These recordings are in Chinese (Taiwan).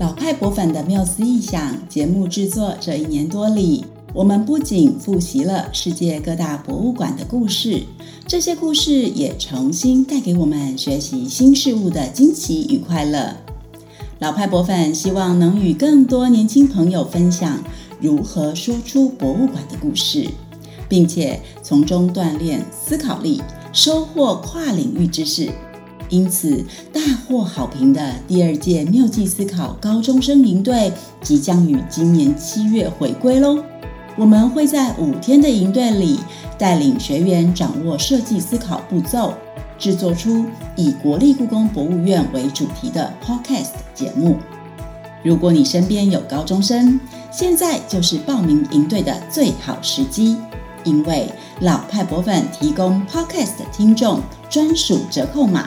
老派博粉的繆思意想節目製作這一年多裡，我們不僅複習了世界各大博物館的故事，這些故事也重新帶給我們學習新事物的驚喜與快樂。老派博粉希望能與更多年輕朋友分享如何輸出博物館的故事，並且從中鍛鍊思考力，收穫跨領域知識。因此，大獲好評的第二屆謬計思考高中生營隊即將於今年七月回歸嘍！我們會在五天的營隊裡，帶領學員掌握設計思考步驟，製作出以國立故宮博物院為主題的 podcast 節目。如果你身邊有高中生，現在就是報名營隊的最好時機，因為老派博粉提供 podcast 聽眾專屬折扣碼。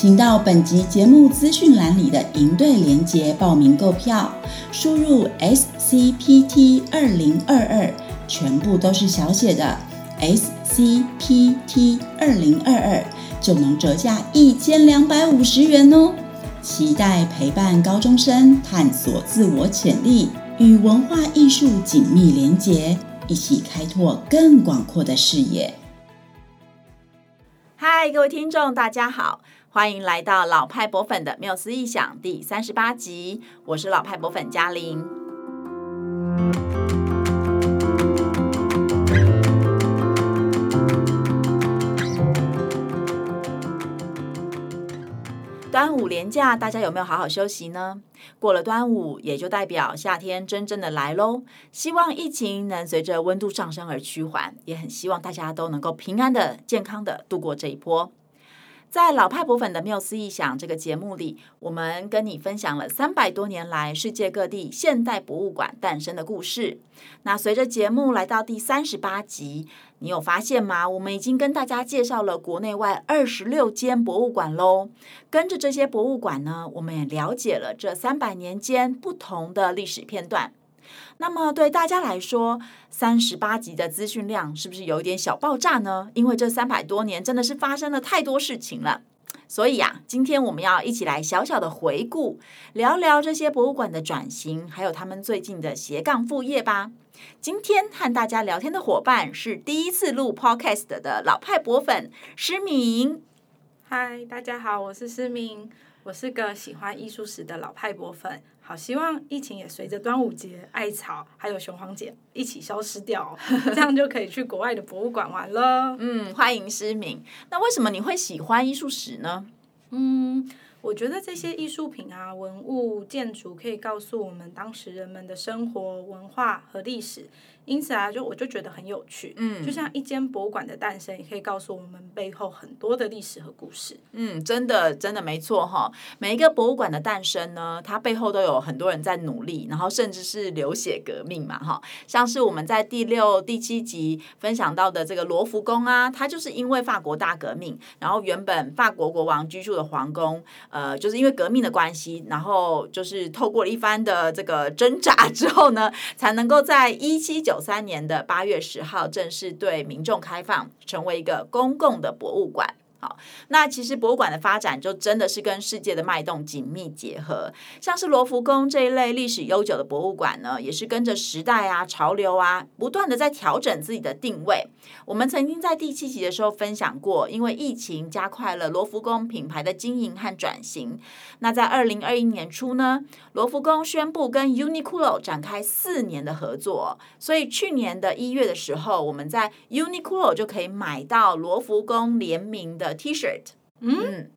請到本集節目資訊欄裡的營隊鏈接報名購票，輸入 S C P T 二零二二，22, 全部都是小寫的 S C P T 二零二二，22, 就能折價一千兩百五十元哦。期待陪伴高中生探索自我潛力，與文化藝術緊密連結，一起開拓更廣闊的視野。嗨，各位聽眾，大家好。歡迎來到老派博粉的繆斯異想第三十八集，我是老派博粉家琳。端午連假，大家有沒有好好休息呢？過了端午，也就代表夏天真正的來嘍。希望疫情能隨着溫度上升而趨緩，也很希望大家都能夠平安的、健康的度過這一波。在老派博粉的《繆斯異想》這個節目裡，我們跟你分享了三百多年來世界各地現代博物館誕生的故事。那隨着節目來到第三十八集，你有發現嗎？我們已經跟大家介紹了國內外二十六間博物館嘍。跟着這些博物館呢，我們也了解了這三百年間不同的歷史片段。那麼對大家來說，三十八集的資訊量是不是有一點小爆炸呢？因為這三百多年真的是發生了太多事情了，所以呀、啊，今天我們要一起來小小的回顧，聊聊這些博物館的轉型，還有他們最近的斜槓副業吧。今天和大家聊天的夥伴是第一次錄 podcast 的老派博粉詩敏。嗨，大家好，我是詩敏，我是個喜歡藝術史的老派博粉。好，希望疫情也隨着端午節艾草還有雄黃節一起消失掉， 這樣就可以去國外的博物館玩了。嗯，歡迎詩敏。那為什麼你會喜歡藝術史呢？嗯，我覺得這些藝術品啊、文物、建築可以告訴我們當時人們的生活文化和歷史。因此啊，就我就覺得很有趣，嗯，就像一間博物館的誕生，也可以告訴我們背後很多的歷史和故事。嗯，真的，真的沒錯哈、哦。每一個博物館的誕生呢，它背後都有很多人在努力，然後甚至是流血革命嘛哈、哦。像是我們在第六、第七集分享到的這個羅浮宮啊，它就是因為法國大革命，然後原本法國國王居住的皇宮，呃，就是因為革命的關係，然後就是透過一番的這個掙扎之後呢，才能夠在一七九。九三年的八月十號，正式對民眾開放，成為一個公共的博物館。好，那其實博物館的發展就真的是跟世界的脈動緊密結合。像是羅浮宮這一類歷史悠久的博物館呢，也是跟着時代啊、潮流啊，不斷的在調整自己的定位。我們曾經在第七集的時候分享過，因為疫情加快了羅浮宮品牌的經營和轉型。那在二零二一年初呢，羅浮宮宣布跟 UNIQLO 展開四年的合作，所以去年的一月的時候，我們在 UNIQLO 就可以買到羅浮宮聯名的。T 恤，shirt, 嗯，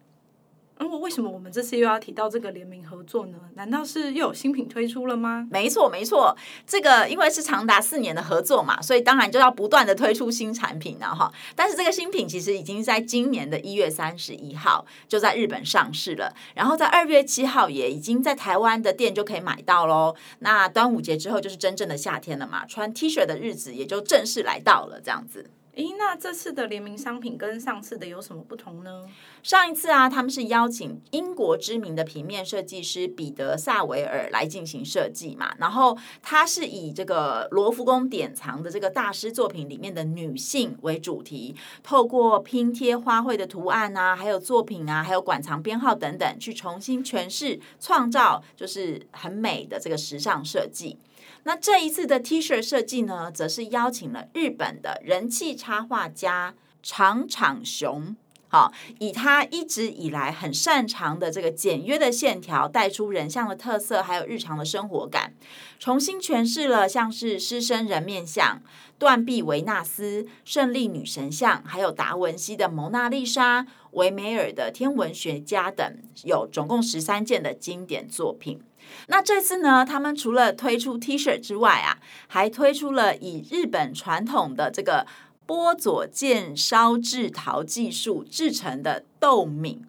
那我、嗯、為什麼我們這次又要提到這個聯名合作呢？難道是又有新品推出了嗎？沒錯，沒錯，這個因為是長達四年的合作嘛，所以當然就要不斷地推出新產品了哈。但是這個新品其實已經在今年的一月三十一號就在日本上市了，然後在二月七號也已經在台灣的店就可以買到嘍。那端午節之後就是真正的夏天了嘛，穿 T 恤的日子也就正式來到了，這樣子。誒，那這次的聯名商品跟上次的有什麼不同呢？上一次啊，他們是邀請英國知名的平面設計師彼得·薩維爾來進行設計嘛，然後他是以這個羅浮宮典藏的這個大師作品裡面的女性為主題，透過拼貼花卉的圖案啊，還有作品啊，還有館藏編號等等，去重新詮釋創造，就是很美的這個時尚設計。那這一次的 T 恤設計呢，則是邀請了日本的人氣插畫家長場雄，好、哦，以他一直以來很擅長的這個簡約的線條，帶出人像的特色，還有日常的生活感，重新詮釋了像是獅身人面像。斷臂維納斯、勝利女神像，還有達文西的《蒙娜麗莎》、維梅爾的《天文學家》等，有總共十三件的經典作品。那這次呢，他們除了推出 T 恤之外啊，還推出了以日本傳統的這個波佐見燒製陶技術製成的豆皿。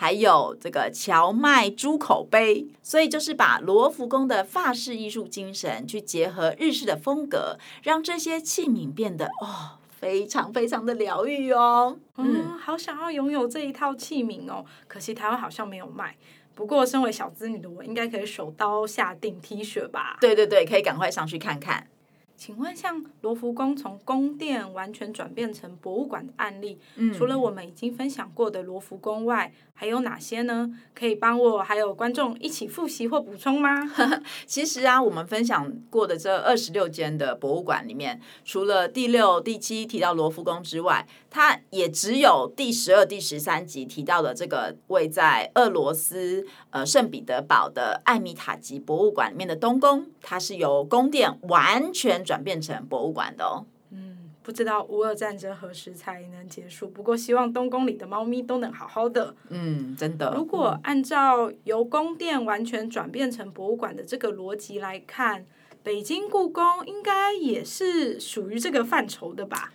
還有這個蕎麥豬口杯，所以就是把羅浮宮的法式藝術精神去結合日式的風格，讓這些器皿變得哦非常非常的療癒哦，嗯、啊，好想要擁有這一套器皿哦，可惜台灣好像沒有賣。不過身為小資女的我，應該可以手刀下定 T 恤吧？對對對，可以趕快上去看看。請問，像羅浮宮從宮殿完全轉變成博物館的案例，嗯、除了我們已經分享過的羅浮宮外，還有哪些呢？可以幫我還有觀眾一起複習或補充嗎？ 其實啊，我們分享過的這二十六間的博物館裡面，除了第六、第七提到羅浮宮之外，它也只有第十二、第十三集提到的這個位在俄羅斯呃聖彼得堡的艾米塔吉博物館裡面的東宮，它是由宮殿完全。轉變成博物館的哦，嗯，不知道烏俄戰爭何時才能結束，不過希望冬宮裡的貓咪都能好好的。嗯，真的。如果按照由宮殿完全轉變成博物館的這個邏輯來看，嗯、北京故宮應該也是屬於這個範疇的吧？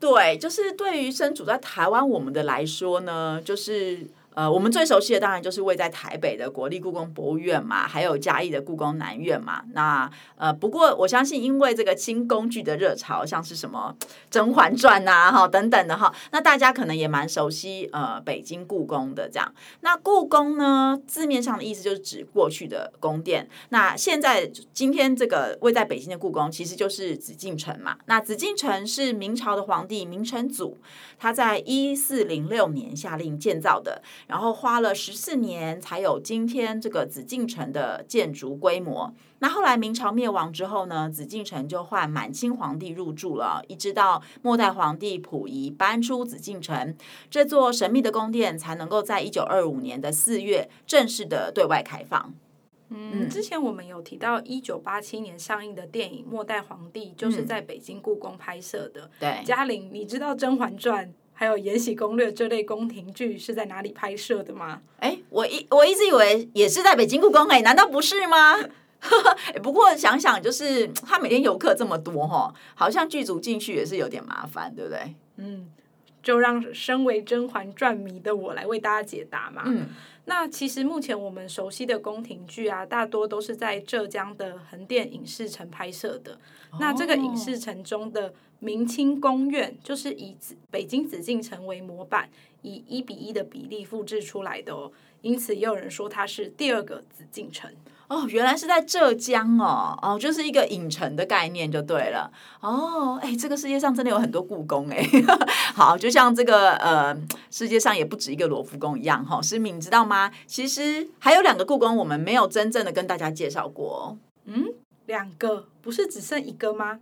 對，就是對於身處在台灣我們的來說呢，就是。呃，我們最熟悉的當然就是位在台北的國立故宮博物院嘛，還有嘉義的故宮南院嘛。那呃，不過我相信，因為這個清宮劇的熱潮，像是什麼《甄嬛傳》吶、啊、哈、哦、等等的哈、哦，那大家可能也蠻熟悉呃北京故宮的這樣。那故宮呢，字面上的意思就是指過去的宮殿。那現在今天這個位在北京的故宮，其實就是紫禁城嘛。那紫禁城是明朝的皇帝明成祖他在一四零六年下令建造的。然後花了十四年才有今天這個紫禁城的建築規模。那後來明朝滅亡之後呢，紫禁城就換滿清皇帝入住了，一直到末代皇帝溥儀搬出紫禁城，這座神秘的宮殿才能夠在一九二五年的四月正式的對外開放。嗯，之前我們有提到一九八七年上映的電影《末代皇帝》，就是在北京故宮拍攝的。嗯、對，家琳，你知道《甄嬛傳》還有《延禧攻略》這類宮廷劇是在哪裡拍攝的嗎？誒，欸，我一我一直以為也是在北京故宮誒，難道不是嗎？ 欸，不過想想就是他每天遊客這麼多哈，好像劇組進去也是有點麻煩，對不對？嗯，就讓身為《甄嬛傳》迷的我來為大家解答嘛。嗯。那其實目前我們熟悉的宮廷劇啊，大多都是在浙江的橫店影視城拍攝的。那這個影視城中的明清宮苑，就是以北京紫禁城為模板，以一比一的比例複製出來的哦。因此，也有人說它是第二個紫禁城。哦，原來是在浙江哦，哦，就是一個影城的概念就對了。哦，哎，這個世界上真的有很多故宮哎。 好，就像這個呃，世界上也不止一個羅浮宮一樣哈、哦。詩敏知道嗎？其實還有兩個故宮，我們沒有真正的跟大家介紹過。嗯，兩個不是只剩一個嗎？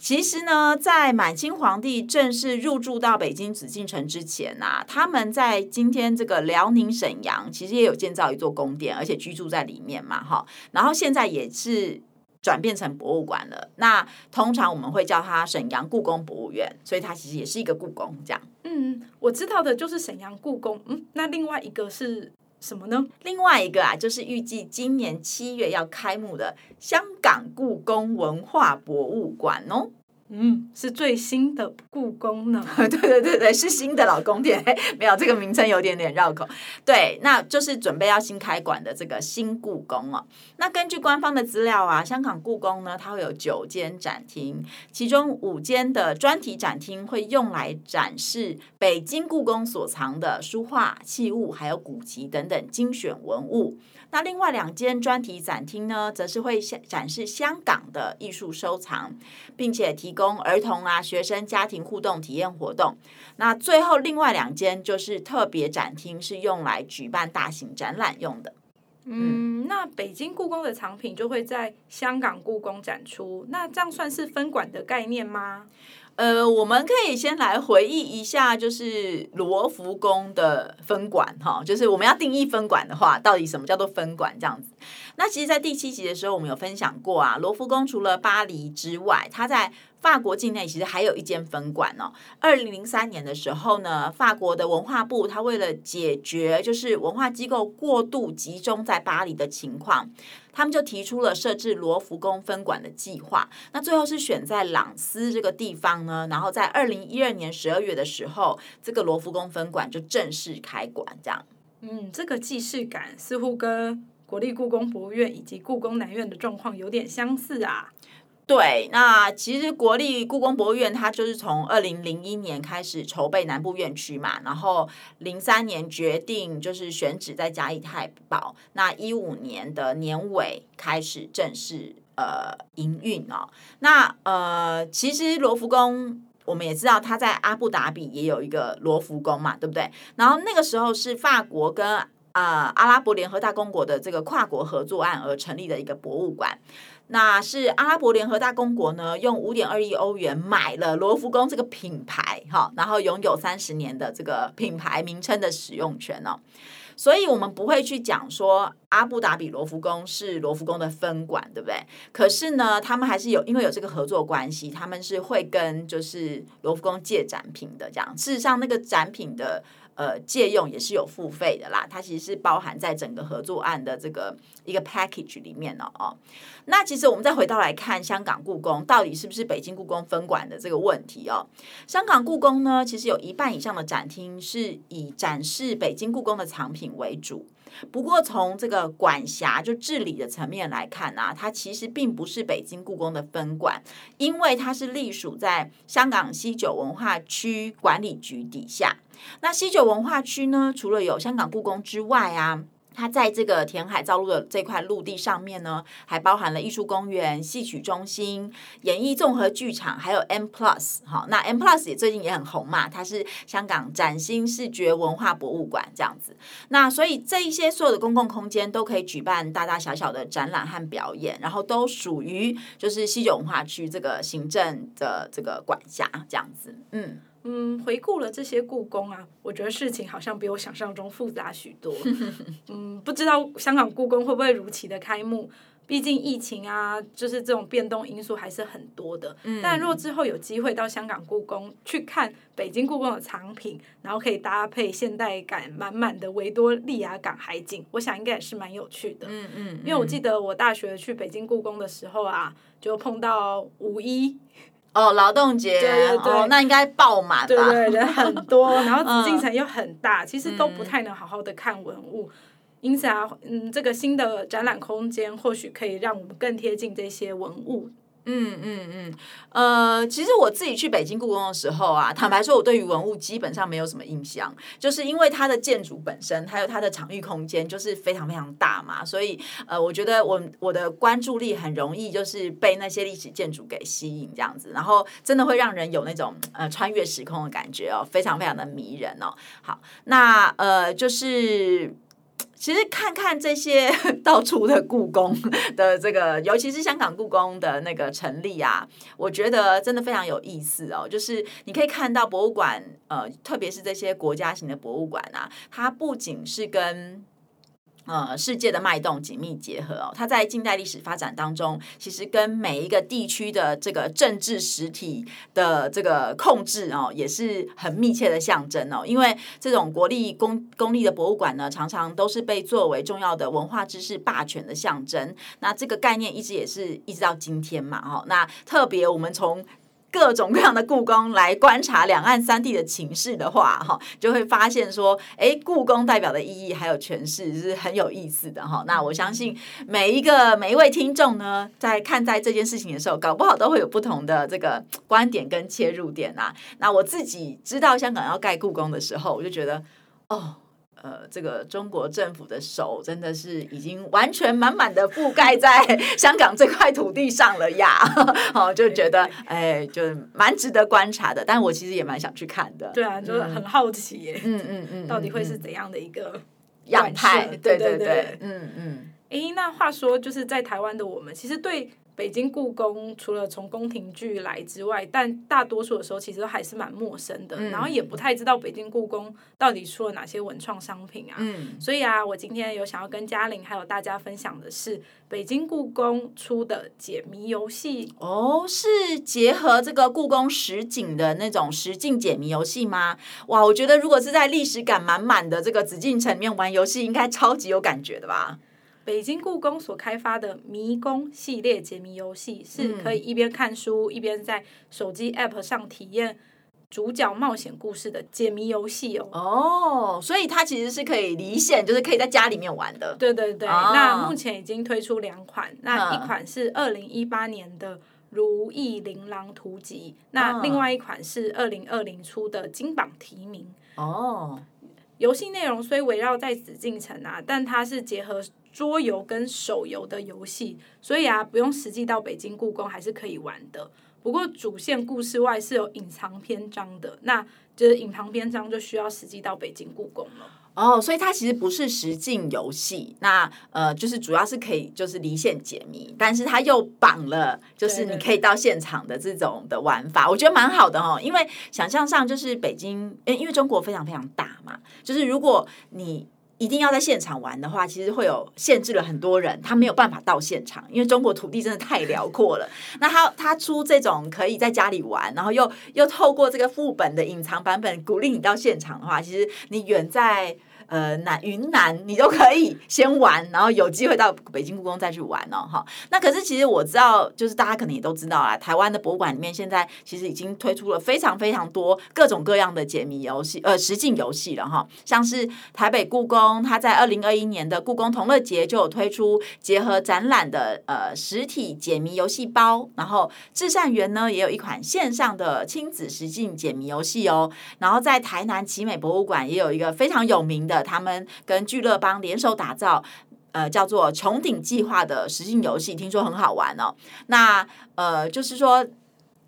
其實呢，在滿清皇帝正式入住到北京紫禁城之前吶、啊，他們在今天這個遼寧瀋陽，其實也有建造一座宮殿，而且居住在裡面嘛，哈。然後現在也是轉變成博物館了。那通常我們會叫它瀋陽故宮博物院，所以它其實也是一個故宮，這樣。嗯，我知道的就是瀋陽故宮。嗯，那另外一個是什麼呢？另外一個啊，就是預計今年七月要開幕的香港故宮文化博物館哦。嗯，是最新的故宮呢？ 對對對對，是新的老宮殿，沒有這個名稱有點點繞口。對，那就是準備要新開館的這個新故宮哦。那根據官方的資料啊，香港故宮呢，它會有九間展廳，其中五間的專題展廳會用來展示北京故宮所藏的書畫、器物還有古籍等等精選文物。那另外兩間專題展廳呢，則是會展示香港的藝術收藏，並且提供。供兒童啊、學生、家庭互動體驗活動。那最後另外兩間就是特別展廳，是用來舉辦大型展覽用的。嗯，嗯那北京故宮的藏品就會在香港故宮展出，那這樣算是分館的概念嗎？呃，我們可以先來回憶一下，就是羅浮宮的分館哈，就是我們要定義分館的話，到底什麼叫做分館這樣子？那其實，在第七集的時候，我們有分享過啊。羅浮宮除了巴黎之外，它在法國境內其實還有一間分館呢，哦。二零零三年的時候呢，法國的文化部他為了解決就是文化機構過度集中在巴黎的情況，他們就提出了設置羅浮宮分館的計劃。那最後是選在朗斯這個地方呢，然後在二零一二年十二月的時候，這個羅浮宮分館就正式開館。這樣，嗯，這個既視感似乎跟。國立故宮博物院以及故宮南院的狀況有點相似啊。對，那其實國立故宮博物院它就是從二零零一年開始籌備南部院區嘛，然後零三年決定就是選址在嘉義太保，那一五年的年尾開始正式呃營運哦。那呃，其實羅浮宮我們也知道，它在阿布達比也有一個羅浮宮嘛，對不對？然後那個時候是法國跟啊、呃，阿拉伯聯合大公國的這個跨國合作案而成立的一個博物館，那是阿拉伯聯合大公國呢，用五點二億歐元買了羅浮宮這個品牌哈、哦，然後擁有三十年的這個品牌名稱的使用權哦。所以我們不會去講說阿布達比羅浮宮是羅浮宮的分館，對不對？可是呢，他們還是有，因為有這個合作關係，他們是會跟就是羅浮宮借展品的這樣。事實上，那個展品的。呃，借用也是有付費的啦，它其實是包含在整個合作案的這個一個 package 裡面的、喔、哦。那其實我們再回到來看香港故宮到底是不是北京故宮分館的這個問題哦。香港故宮呢，其實有一半以上的展廳是以展示北京故宮的藏品為主。不過從這個管轄就治理的層面來看呢、啊，它其實並不是北京故宮的分館，因為它是隸屬在香港西九文化區管理局底下。那西九文化區呢，除了有香港故宮之外啊。它在這個填海造陸的這塊陸地上面呢，還包含了藝術公園、戲曲中心、演藝綜合劇場，還有 M Plus 哈、哦，那 M Plus 也最近也很紅嘛，它是香港嶄新視覺文化博物館這樣子。那所以這一些所有的公共空間都可以舉辦大大小小的展覽和表演，然後都屬於就是西九文化區這個行政的這個管轄這樣子，嗯。嗯，回顧了這些故宮啊，我覺得事情好像比我想象中複雜許多。 嗯，不知道香港故宮會不會如期的開幕？畢竟疫情啊，就是這種變動因素還是很多的。嗯、但若之後有機會到香港故宮去看北京故宮的藏品，然後可以搭配現代感滿滿的維多利亞港海景，我想應該也是蠻有趣的。嗯嗯。嗯因為我記得我大學去北京故宮的時候啊，就碰到五一。哦，勞動節哦，那應該爆滿吧？對對對，人很多，然後紫禁城又很大， 嗯、其實都不太能好好的看文物，嗯、因此啊，嗯，這個新的展覽空間或許可以讓我們更貼近這些文物。嗯嗯嗯，呃，其實我自己去北京故宮的時候啊，坦白說，我對於文物基本上沒有什麼印象，就是因為它的建築本身還有它的場域空間就是非常非常大嘛，所以呃，我覺得我我的關注力很容易就是被那些歷史建築給吸引這樣子，然後真的會讓人有那種呃穿越時空的感覺哦，非常非常的迷人哦。好，那呃就是。其實看看這些到處的故宮的這個，尤其是香港故宮的那個成立啊，我覺得真的非常有意思哦。就是你可以看到博物館，呃，特別是這些國家型的博物館啊，它不僅是跟。呃、嗯，世界的脈動緊密結合哦，它在近代歷史發展當中，其實跟每一個地區的這個政治實體的這個控制哦，也是很密切的象徵哦。因為這種國立公公立的博物館呢，常常都是被作為重要的文化知識霸權的象徵。那這個概念一直也是一直到今天嘛、哦，哈。那特別我們從。各種各樣的故宮來觀察兩岸三地的情勢的話，哈，就會發現說，哎，故宮代表的意義還有詮釋是很有意思的哈。那我相信每一個每一位聽眾呢，在看待這件事情的時候，搞不好都會有不同的這個觀點跟切入點啊。那我自己知道香港要蓋故宮的時候，我就覺得，哦。呃，這個中國政府的手真的是已經完全滿滿的覆蓋在香港這塊土地上了呀！ 哦，就覺得哎，就蠻值得觀察的。但我其實也蠻想去看的。對啊，就是很好奇耶。嗯嗯嗯，嗯嗯嗯，到底會是怎樣的一個樣態？對對對，嗯嗯。哎、嗯，那話說，就是在台灣的我們，其實對。北京故宮除了從宮廷劇來之外，但大多數的時候其實都還是蠻陌生的，嗯、然後也不太知道北京故宮到底出了哪些文創商品啊。嗯、所以啊，我今天有想要跟家琳還有大家分享的是北京故宮出的解謎遊戲哦，是結合這個故宮實景的那種實境解謎遊戲嗎？哇，我覺得如果是在歷史感滿滿的這個紫禁城裡面玩遊戲，應該超級有感覺的吧。北京故宮所開發的迷宮系列解謎遊戲，是可以一邊看書、嗯、一邊在手機 APP 上體驗主角冒險故事的解謎遊戲哦。哦，所以它其實是可以離線，就是可以在家裡面玩的。對對對。哦、那目前已經推出兩款，那一款是二零一八年的《如意琳琅圖集》嗯，那另外一款是二零二零出的《金榜題名》。哦。遊戲內容雖圍繞在紫禁城啊，但它是結合桌遊跟手遊的遊戲，所以啊不用實際到北京故宮還是可以玩的。不過主線故事外是有隱藏篇章的，那就是隱藏篇章就需要實際到北京故宮了。哦，oh, 所以它其實不是實境遊戲，那呃，就是主要是可以就是離線解謎，但是它又綁了，就是你可以到現場的這種的玩法，對對對，我覺得蠻好的哦，因為想象上就是北京，因為中國非常非常大嘛，就是如果你。一定要在現場玩的話，其實會有限制了很多人，他沒有辦法到現場，因為中國土地真的太遼闊了。那他他出這種可以在家裡玩，然後又又透過這個副本的隱藏版本鼓勵你到現場的話，其實你遠在。呃，南雲南你都可以先玩，然後有機會到北京故宮再去玩哦，哈、哦。那可是其實我知道，就是大家可能也都知道啦，台灣的博物館裡面現在其實已經推出了非常非常多各種各樣的解謎遊戲，呃，實境遊戲了，哈、哦。像是台北故宮，它在二零二一年的故宮同樂節就有推出結合展覽的呃實體解謎遊戲包，然後至善園呢也有一款線上的親子實境解謎遊戲哦，然後在台南奇美博物館也有一個非常有名的。他們跟聚樂邦聯手打造，呃，叫做穹頂計劃的實境遊戲，聽說很好玩哦。那呃，就是說，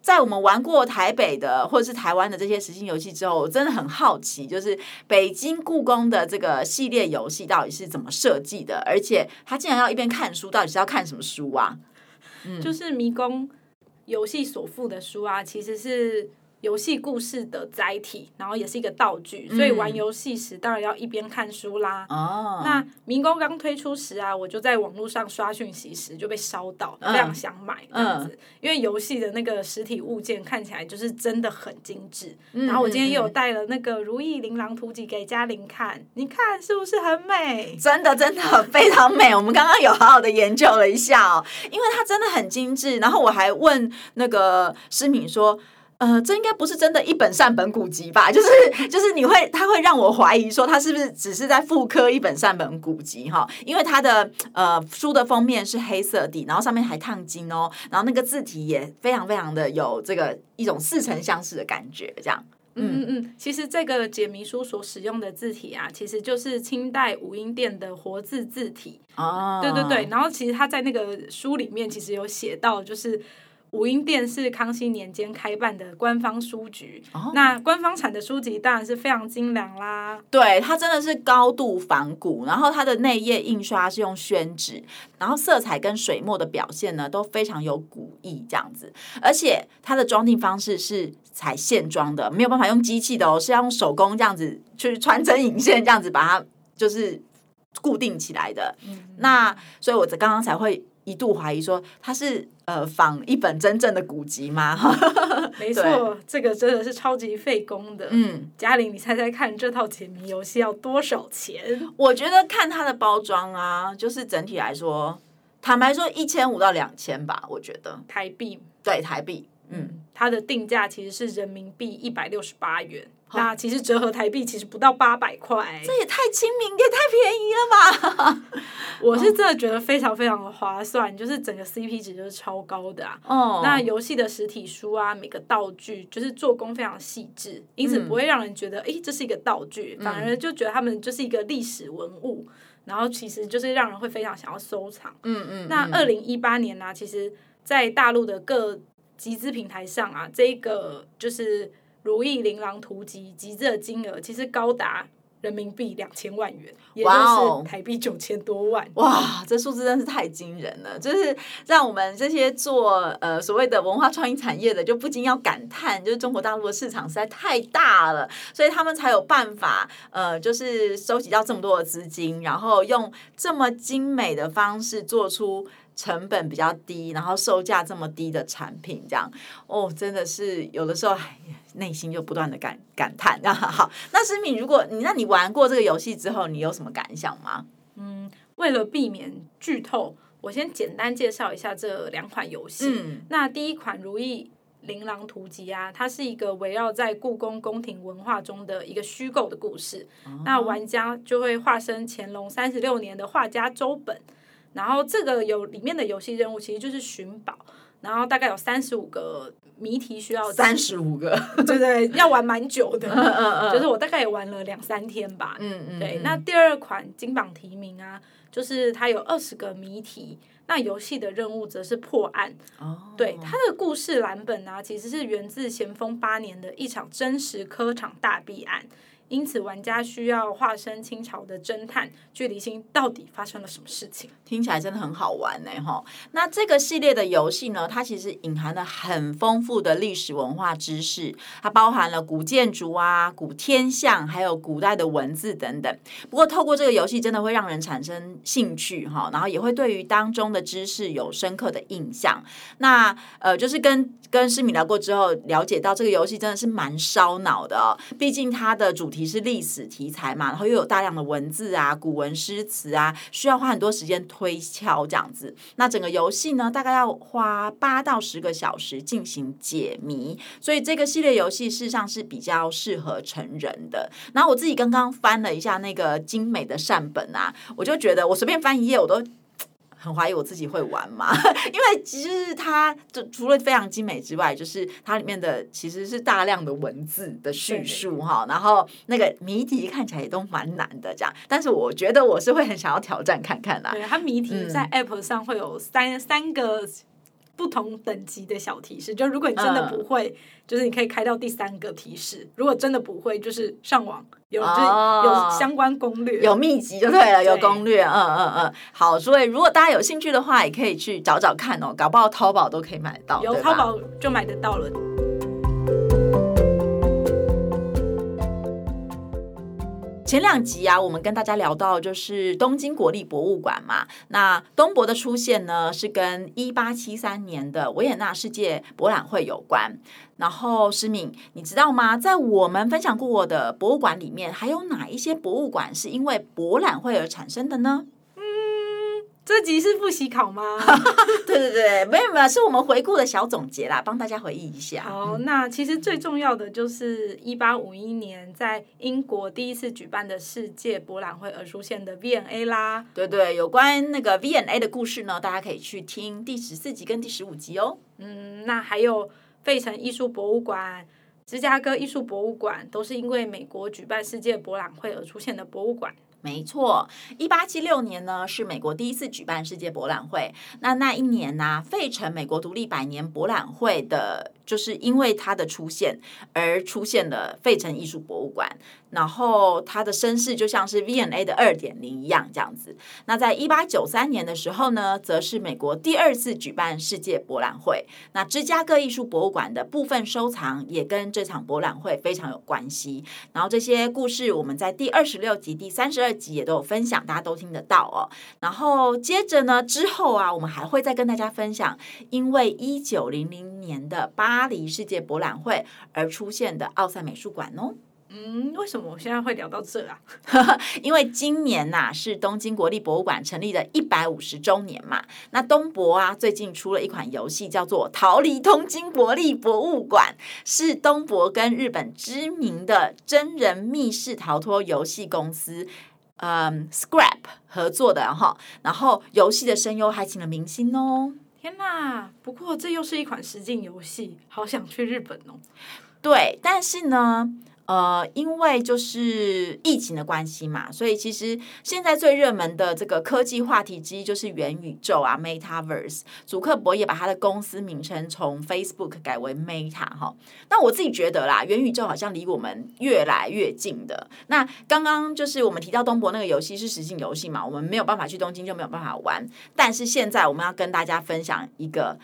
在我們玩過台北的或者是台灣的這些實境遊戲之後，我真的很好奇，就是北京故宮的這個系列遊戲到底是怎麼設計的？而且他竟然要一邊看書，到底是要看什麼書啊？就是迷宮遊戲所附的書啊，其實是。遊戲故事的載體，然後也是一個道具，嗯、所以玩遊戲時當然要一邊看書啦。哦，那《迷宮》剛推出時啊，我就在網絡上刷訊息時就被燒到，嗯、非常想買這樣子。嗯，因為遊戲的那個實體物件看起來就是真的很精緻。嗯，然後我今天又有帶了那個《如意琳琅圖集》給家琳看，嗯、你看是不是很美？真的，真的非常美。 我們剛剛有好好的研究了一下哦、喔，因為它真的很精緻。然後我還問那個詩敏說。呃，這應該不是真的一本善本古籍吧？就是就是，你會他會讓我懷疑說他是不是只是在複刻一本善本古籍哈？因為它的呃書的封面是黑色底，然後上面還燙金哦，然後那個字體也非常非常的有這個一種似曾相識的感覺，這樣。嗯嗯嗯，其實這個解謎書所使用的字體啊，其實就是清代武英殿的活字字體。哦，對對對，然後其實他在那個書裡面其實有寫到，就是。武英殿是康熙年間開辦的官方書局，哦、那官方產的書籍當然是非常精良啦。對，它真的是高度仿古，然後它的內頁印刷是用宣紙，然後色彩跟水墨的表現呢都非常有古意，這樣子。而且它的裝訂方式是彩線裝的，沒有辦法用機器的哦，是要用手工這樣子去穿針引線，這樣子把它就是固定起來的。嗯、那所以，我這剛剛才會。一度懷疑說他是呃仿一本真正的古籍嗎？ 沒錯，對這個真的是超級費工的。嗯，家琳，你猜猜看這套解謎遊戲要多少錢？我覺得看它的包裝啊，就是整體來說，坦白說一千五到兩千吧，我覺得台幣對台幣，嗯，它的定價其實是人民幣一百六十八元。那其實折合台幣其實不到八百塊，這也太親民，也太便宜了吧？ 我是真的覺得非常非常的划算，就是整個 CP 值，就是超高的啊。Oh. 那遊戲的實體書啊，每個道具就是做工非常細緻，因此，不會讓人覺得哎、嗯欸、這是一個道具，反而就覺得他們就是一個歷史文物。嗯、然後其實就是讓人會非常想要收藏。嗯，嗯嗯。那二零一八年呢、啊，其實，在大陸的各集資平台上啊，這一個就是。《如意琳琅圖集》集資的金額其實高達人民幣兩千萬元，也就是台幣九千多萬。Wow, 哇，這數字真是太驚人了！就是讓我們這些做呃所謂的文化創意產業的，就不禁要感嘆，就是中國大陸的市場實在太大了，所以他們才有辦法呃，就是收集到這麼多的資金，然後用這麼精美的方式做出成本比較低，然後售價這麼低的產品。這樣哦，真的是有的時候哎。內心就不斷的感感嘆，哈好，那詩敏，如果你那你玩過這個遊戲之後，你有什麼感想嗎？嗯，為了避免劇透，我先簡單介紹一下這兩款遊戲。嗯、那第一款《如意琳琅圖集》啊，它是一個圍繞在故宮宮廷文化中的一個虛構的故事。嗯、那玩家就會化身乾隆三十六年的畫家周本，然後這個有裡面的遊戲任務其實就是尋寶，然後大概有三十五個。謎題需要三十五個，對，對對？ 要玩蠻久的， 就是我大概也玩了兩三天吧。嗯嗯，嗯，對。那第二款《金榜題名》啊，就是它有二十個謎題，那遊戲的任務則是破案。哦、對，它的故事藍本啊，其實是源自咸豐八年的一場真實科場大弊案。因此，玩家需要化身清朝的偵探，去釐清到底發生了什麼事情。聽起來真的很好玩呢，哈。那這個系列的遊戲呢，它其實隱含了很豐富的歷史文化知識，它包含了古建築啊、古天象，還有古代的文字等等。不過，透過這個遊戲，真的會讓人產生興趣，哈。然後也會對於當中的知識有深刻的印象。那呃，就是跟跟詩敏聊過之後，了解到這個遊戲真的是蠻燒腦的哦，畢竟它的主題。也是歷史題材嘛，然後又有大量的文字啊、古文詩詞啊，需要花很多時間推敲這樣子。那整個遊戲呢，大概要花八到十個小時進行解謎，所以這個系列遊戲事實上是比較適合成人的。然後我自己剛剛翻了一下那個精美的善本啊，我就覺得我隨便翻一頁我都，很懷疑我自己會玩嘛， 因為其實它就除了非常精美之外，就是它裡面的其實是大量的文字的敘述哈，對然後那個謎題看起來也都蠻難的這樣，但是我覺得我是會很想要挑戰看看啦，對，它謎題在 App 上會有三三個。不同等級的小提示，就如果你真的不會，嗯、就是你可以開到第三個提示。如果真的不會，就是上網有，哦、就是有相關攻略，有秘籍就對了，對有攻略，嗯嗯嗯。好，所以如果大家有興趣的話，也可以去找找看哦，搞不好淘寶都可以買到，有，對吧？淘寶就買得到了。前兩集啊，我們跟大家聊到就是東京國立博物館嘛，那東博的出現呢，是跟一八七三年的維也納世界博覽會有關。然後，詩敏，你知道嗎？在我們分享過的博物館裡面，還有哪一些博物館是因為博覽會而產生的呢？這集是復習考嗎？ 對對對，沒有沒有，是我們回顧的小總結啦，幫大家回憶一下。好，那其實最重要的就是一八五一年在英國第一次舉辦的世界博覽會而出現的 V&A 啦。對對，有關那個 V&A 的故事呢，大家可以去聽第十四集跟第十五集哦。嗯，那還有費城藝術博物館、芝加哥藝術博物館，都是因為美國舉辦世界博覽會而出現的博物館。沒錯，一八七六年呢是美國第一次舉辦世界博覽會。那那一年呢、啊，費城美國獨立百年博覽會的。就是因為他的出現而出現了費城藝術博物館，然後他的身世就像是 V&A 的二點零一樣這樣子。那在一八九三年的時候呢，則是美國第二次舉辦世界博覽會。那芝加哥藝術博物館的部分收藏也跟這場博覽會非常有關係。然後這些故事我們在第二十六集、第三十二集也都有分享，大家都聽得到哦。然後接着呢之後啊，我們還會再跟大家分享，因為一九零零年的八。巴黎世界博覽會而出現的奧賽美術館哦，嗯，為什麼我現在會聊到這啊？ 因為今年吶、啊、是東京國立博物館成立的一百五十週年嘛。那東博啊最近出了一款遊戲叫做《逃離東京國立博物館》，是東博跟日本知名的真人密室逃脫遊戲公司、嗯、Scrap 合作的哈、哦。然後遊戲的聲優還請了明星哦。天哪！不過這又是一款實境遊戲，好想去日本哦。對，但是呢。呃，因為就是疫情的關係嘛，所以其實現在最熱門的這個科技話題之一就是元宇宙啊，Metaverse，祖克伯也把他的公司名稱從 Facebook 改為 Meta 哈。那我自己覺得啦，元宇宙好像離我們越來越近的。那剛剛就是我們提到東博那個遊戲是實境遊戲嘛，我們沒有辦法去東京就沒有辦法玩。但是現在我們要跟大家分享一個。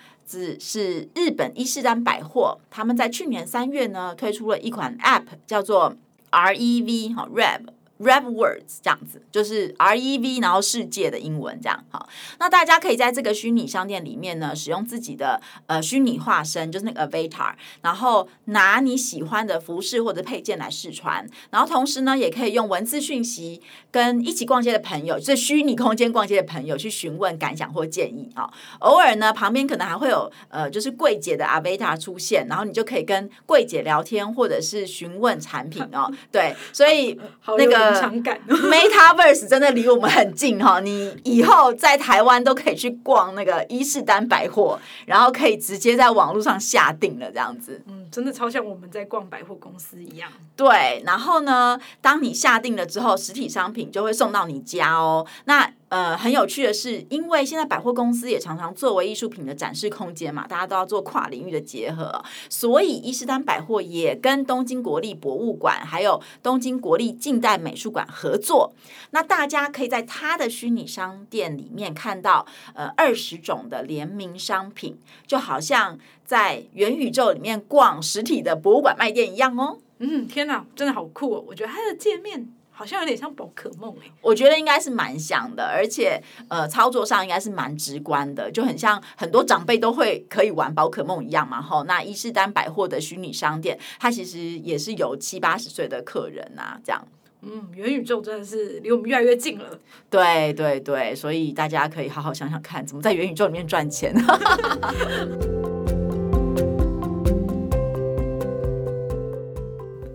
是日本伊勢丹百貨，他們在去年三月呢推出了一款 App，叫做 REV 哈 Rev。REV WORLDS 這樣子，就是 R E V，然後世界的英文這樣。好，那大家可以在這個虛擬商店裡面呢，使用自己的呃虛擬化身，就是那個 avatar，然後拿你喜歡的服飾或者配件來試穿，然後同時呢，也可以用文字訊息跟一起逛街的朋友，就是虛擬空間逛街的朋友去詢問感想或建議哦，偶爾呢，旁邊可能還會有呃，就是櫃姐的 avatar 出現，然後你就可以跟櫃姐聊天，或者是詢問產品 哦。對，所以那個。感，Metaverse 真的離我們很近哈！ 你以後在台灣都可以去逛那個伊勢丹百貨，然後可以直接在網絡上下訂了，這樣子。嗯，真的超像我們在逛百貨公司一樣。對，然後呢，當你下訂了之後，實體商品就會送到你家哦。那呃，很有趣的是，因為現在百貨公司也常常作為藝術品的展示空間嘛，大家都要做跨領域的結合，所以伊勢丹百貨也跟東京國立博物館還有東京國立近代美術館合作。那大家可以在它的虛擬商店裡面看到，呃，二十種的聯名商品，就好像在元宇宙裡面逛實體的博物館賣店一樣哦。嗯，天哪，真的好酷哦！我覺得它的界面。好像有點像寶可夢哎、欸，我覺得應該是蠻像的，而且呃，操作上應該是蠻直觀的，就很像很多長輩都會可以玩寶可夢一樣嘛哈。那伊勢丹百貨的虛擬商店，它其實也是有七八十歲的客人吶、啊，這樣。嗯，元宇宙真的是離我們越來越近了。對對對，所以大家可以好好想想看，怎麼在元宇宙裡面賺錢、啊。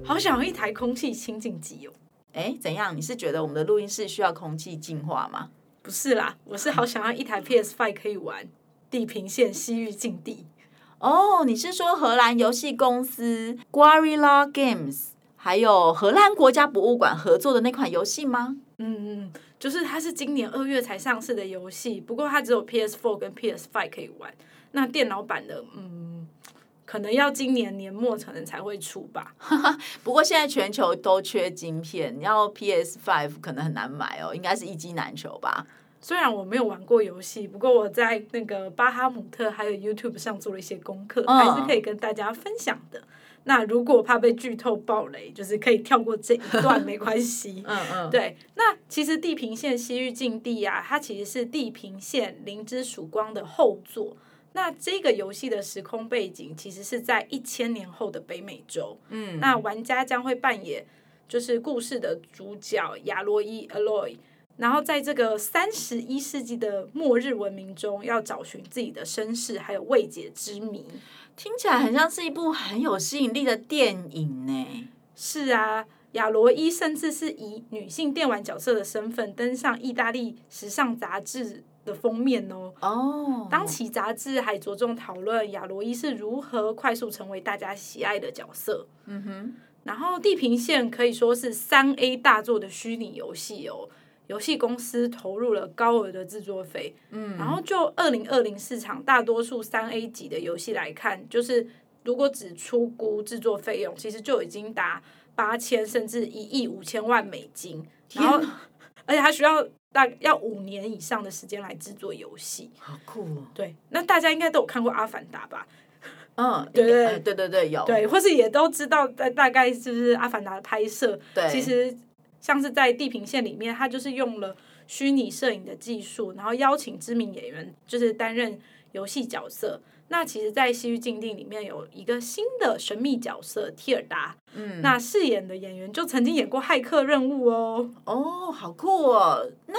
好想一台空氣清淨機哦。哎，怎樣？你是覺得我們的錄音室需要空氣淨化嗎？不是啦，我是好想要一台 PS Five 可以玩《地平線：西域禁地》。哦，你是說荷蘭遊戲公司 Guerrilla Games 還有荷蘭國家博物館合作的那款遊戲嗎？嗯嗯，就是它是今年二月才上市的遊戲，不過它只有 PS Four 跟 PS Five 可以玩，那電腦版的，嗯。可能要今年年末，可能才會出吧。 不過現在全球都缺晶片，要 PS5 可能很難買哦，應該是一機難求吧。雖然我沒有玩過遊戲，不過我在那個巴哈姆特還有 YouTube 上做了一些功課，嗯、還是可以跟大家分享的。那如果怕被劇透爆雷，就是可以跳過這一段，沒關係。 嗯嗯，對。那其實《地平線：西域禁地》啊，它其實是《地平線：零之曙光》的後作。那這個遊戲的時空背景其實是在一千年後的北美洲。嗯，那玩家將會扮演就是故事的主角亞羅伊 Aloy，然後在這個三十一世紀的末日文明中，要找尋自己的身世還有未解之謎。聽起來很像是一部很有吸引力的電影呢。嗯、是啊，亞羅伊甚至是以女性電玩角色的身份登上意大利時尚雜誌的封面哦，哦，oh. 當期雜誌還着重討論亞羅伊是如何快速成為大家喜愛的角色。嗯哼、mm，hmm. 然後地平線可以說是三 A 大作的虛擬遊戲哦，遊戲公司投入了高額的製作費。嗯、mm，hmm. 然後就二零二零市場大多數三 A 級的遊戲來看，就是如果只初估製作費用、哦，其實就已經達八千甚至一億五千萬美金，啊、然後而且還需要。大概要五年以上的時間來製作遊戲，好酷哦！對，那大家應該都有看過《阿凡達》吧？嗯，對對對對對，有對，或是也都知道在大概就是《阿凡達》的拍攝，對，其實像是在《地平線》裡面，他就是用了虛擬攝影的技術，然後邀請知名演員就是擔任遊戲角色。那其實，在《西域禁地》裡面有一個新的神秘角色提爾達，嗯，那飾演的演員就曾經演過《駭客任務》哦，哦，好酷哦！那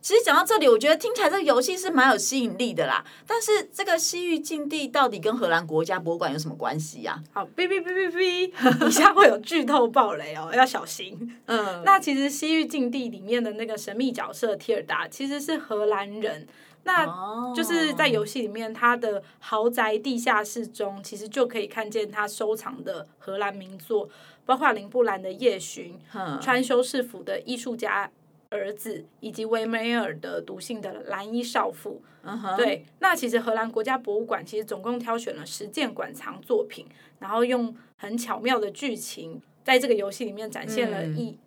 其實講到這裡，我覺得聽起來這個遊戲是蠻有吸引力的啦。但是，這個《西域禁地》到底跟荷蘭國家博物館有什麼關係呀，啊？好，嗶嗶嗶嗶嗶，以 下會有劇透暴雷哦，要小心。嗯，那其實《西域禁地》裡面的那個神秘角色提爾達其實是荷蘭人。那就是在遊戲裡面，他的豪宅地下室中，其實就可以看見他收藏的荷蘭名作，包括林布蘭的《夜巡》，穿修士服的藝術家兒子，以及維梅爾的《讀信的藍衣少婦》uh。Huh. 對，那其實荷蘭國家博物館其實總共挑選了十件館藏作品，然後用很巧妙的劇情。在這個遊戲裡面展現了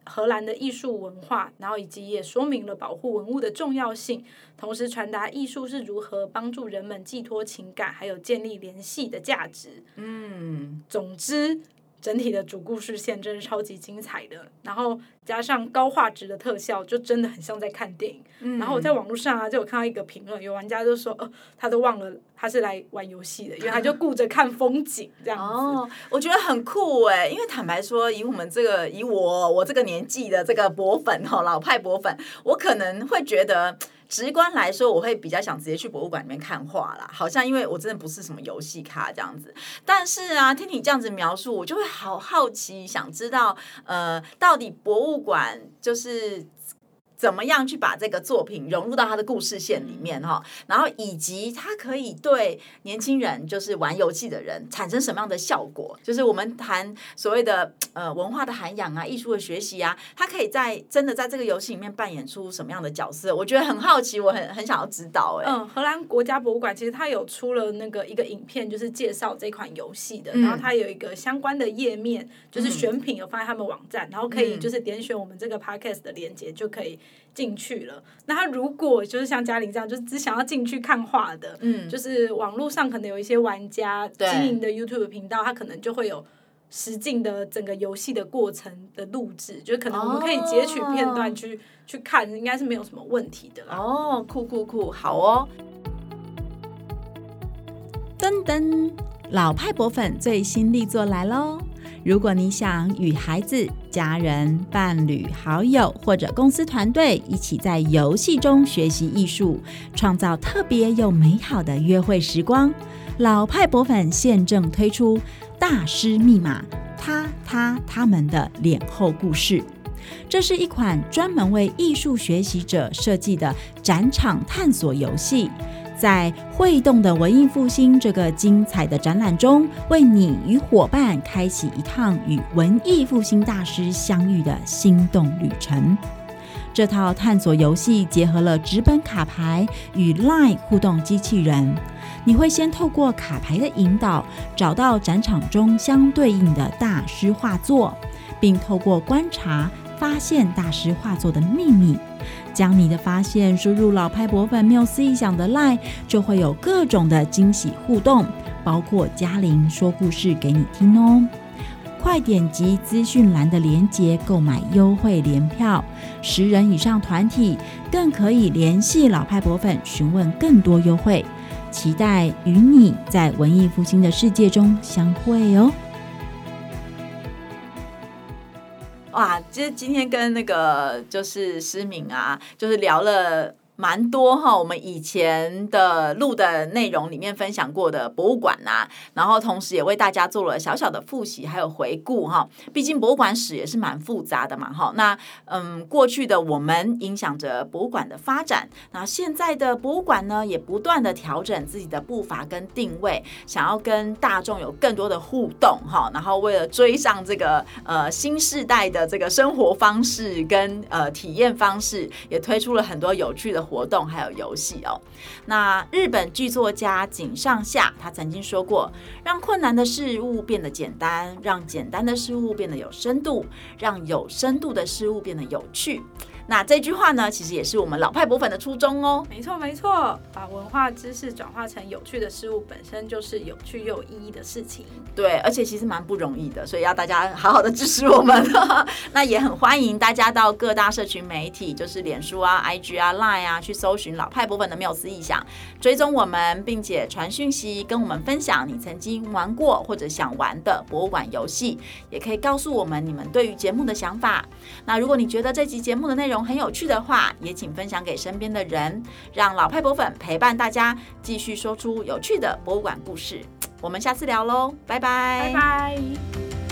荷蘭的藝術文化，嗯，然後以及也說明了保護文物的重要性，同時傳達藝術是如何幫助人們寄託情感，還有建立聯繫的價值。嗯，總之。整體的主故事線真是超級精彩的，然後加上高畫質的特效，就真的很像在看電影。嗯，然後我在網絡上啊，就有看到一個評論，有玩家就說，哦，他都忘了他是來玩遊戲的，因為他就顧着看風景這樣子。哦，我覺得很酷哎，因為坦白說，以我們這個，以我我這個年紀的這個博粉哈，老派博粉，我可能會覺得。直觀來說，我會比較想直接去博物館裡面看畫啦，好像因為我真的不是什麼遊戲咖這樣子。但是啊，聽你這樣子描述，我就會好好奇，想知道，呃，到底博物館就是。怎麼樣去把這個作品融入到他的故事線裡面哈？然後以及他可以對年輕人，就是玩遊戲的人產生什麼樣的效果？就是我們談所謂的呃文化的涵養啊，藝術的學習啊，他可以在真的在這個遊戲裡面扮演出什麼樣的角色？我覺得很好奇，我很很想要知道誒，荷蘭國家博物館其實他有出了那個一個影片，就是介紹這款遊戲的，嗯、然後他有一個相關的頁面，就是選品有放在他們網站，嗯、然後可以就是點選我們這個 podcast 的鏈接、嗯、就可以。進去了。那他如果就是像家琳這樣，就是只想要進去看畫的，嗯，就是網絡上可能有一些玩家經營的 YouTube 頻道，對他可能就會有實境的整個遊戲的過程的錄製，就是可能我們可以截取片段去、哦、去看，應該是沒有什麼問題的啦。哦，酷酷酷，好哦！噔噔，老派博粉最新力作來嘍！如果你想與孩子、家人、伴侶、好友或者公司團隊一起在遊戲中學習藝術，創造特別又美好的約會時光，老派博粉現正推出《大師密碼》，祂、她、他們的臉後故事。這是一款專門為藝術學習者設計的展場探索遊戲。在會動的文藝復興這個精彩的展覽中，為你與夥伴開啟一趟與文藝復興大師相遇的心動旅程。這套探索遊戲結合了紙本卡牌與 LINE 互動機器人，你會先透過卡牌的引導，找到展場中相對應的大師畫作，並透過觀察發現大師畫作的秘密。將你的發現輸入老派博粉繆斯異想的 LINE，就會有各種的驚喜互動，包括家琳說故事給你聽哦。快點擊資訊欄的鏈接購買優惠聯票，十人以上團體更可以聯繫老派博粉詢問更多優惠。期待與你在文藝復興的世界中相會哦。哇，其實今天跟那個就是詩敏啊，就是聊了蠻多哈，我們以前的錄的內容裡面分享過的博物館吶、啊，然後同時也為大家做了小小的複習還有回顧哈。畢竟博物館史也是蠻複雜的嘛哈。那嗯，過去的我們影響着博物館的發展，那現在的博物館呢，也不斷的調整自己的步伐跟定位，想要跟大眾有更多的互動哈。然後為了追上這個呃新時代的這個生活方式跟呃體驗方式，也推出了很多有趣的。活動還有遊戲哦。那日本劇作家井上廈，他曾經說過：“讓困難的事物變得簡單，讓簡單的事物變得有深度，讓有深度的事物變得有趣。”那這句話呢，其實也是我們老派博粉的初衷哦。沒錯沒錯，把文化知識轉化成有趣的事物，本身就是有趣又有意義的事情。對，而且其實蠻不容易的，所以要大家好好的支持我們。 那也很歡迎大家到各大社群媒體，就是臉書啊、IG 啊、Line 啊，去搜尋老派博粉的繆斯意想，追蹤我們，並且傳訊息跟我們分享你曾經玩過或者想玩的博物館遊戲，也可以告訴我們你們對於節目的想法。那如果你覺得這集節目的內容，很有趣的話，也請分享給身邊的人，讓老派博粉陪伴大家繼續說出有趣的博物館故事。我們下次聊嘍，拜拜！拜拜。